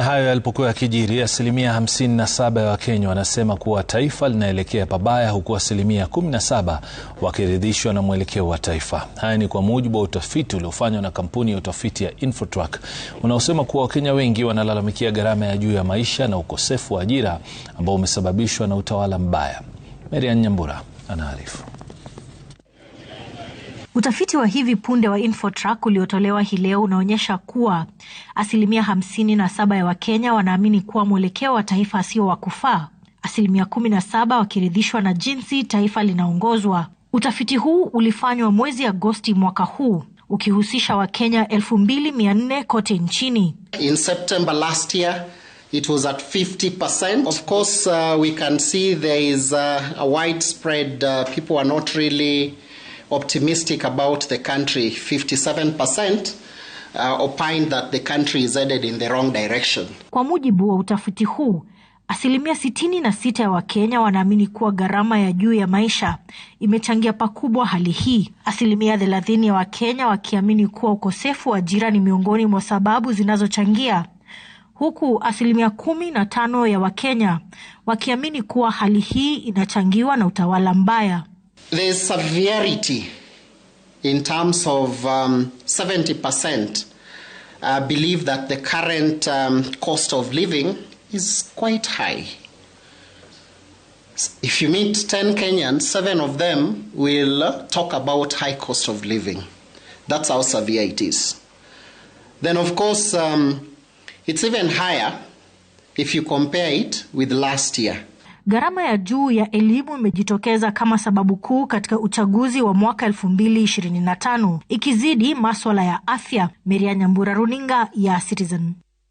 Na hayo yalipokuwa yakijiri, asilimia 57 ya Wakenya wanasema kuwa taifa linaelekea pabaya, huku asilimia 17 wakiridhishwa na mwelekeo wa taifa. Haya ni kwa mujibu wa utafiti uliofanywa na kampuni ya utafiti ya Infotrack unaosema kuwa Wakenya wengi wanalalamikia gharama ya juu ya maisha na ukosefu wa ajira ambao umesababishwa na utawala mbaya. Marian Nyambura anaarifu. Utafiti wa hivi punde wa Infotrack uliotolewa hii leo unaonyesha kuwa asilimia hamsini na saba ya Wakenya wanaamini kuwa mwelekeo wa taifa sio wa kufaa, asilimia kumi na saba wakiridhishwa na jinsi taifa linaongozwa. Utafiti huu ulifanywa mwezi Agosti mwaka huu ukihusisha Wakenya 2400 kote nchini. In September last year it was at 50%. Of course uh, we can see there is uh, a widespread uh, people are not really optimistic about the country, 57% uh, opined that the country is headed in the wrong direction. Kwa mujibu wa utafiti huu, asilimia 66 na sita ya Wakenya wanaamini kuwa gharama ya juu ya maisha imechangia pakubwa hali hii, asilimia thelathini ya Wakenya wakiamini kuwa ukosefu wa ajira ni miongoni mwa sababu zinazochangia huku asilimia kumi na tano ya Wakenya wakiamini kuwa hali hii inachangiwa na utawala mbaya. There is severity in terms of um, 70% uh, believe that the current um, cost of living is quite high. If you meet 10 Kenyans, seven of them will talk about high cost of living. That's how severe it is. Then, of course, um, it's even higher if you compare it with last year. Gharama ya juu ya elimu imejitokeza kama sababu kuu katika uchaguzi wa mwaka 2025 ikizidi maswala ya afya. Meria Nyambura, runinga ya Citizen.